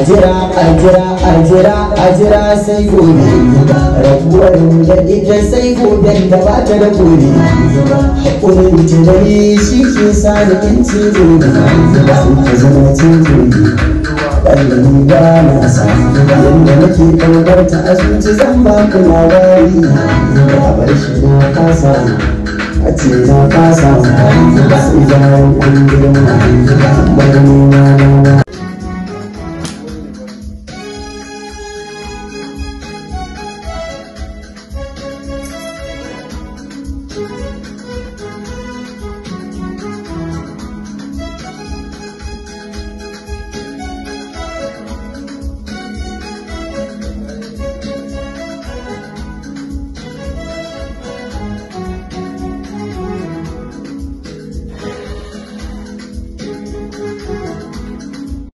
ajira ajira ajira ajira sai gobe rabuwar mu da ita sai gobe da ba ta da gobe hakurin ta dai shi ke sa da in ci gobe ta zama ci gobe Ɗanɗani ba na sa yadda nake ɗaukar ta a zuci zan ba ku labari ba bar shi na kasa a ce na kasa sai bayan kun girma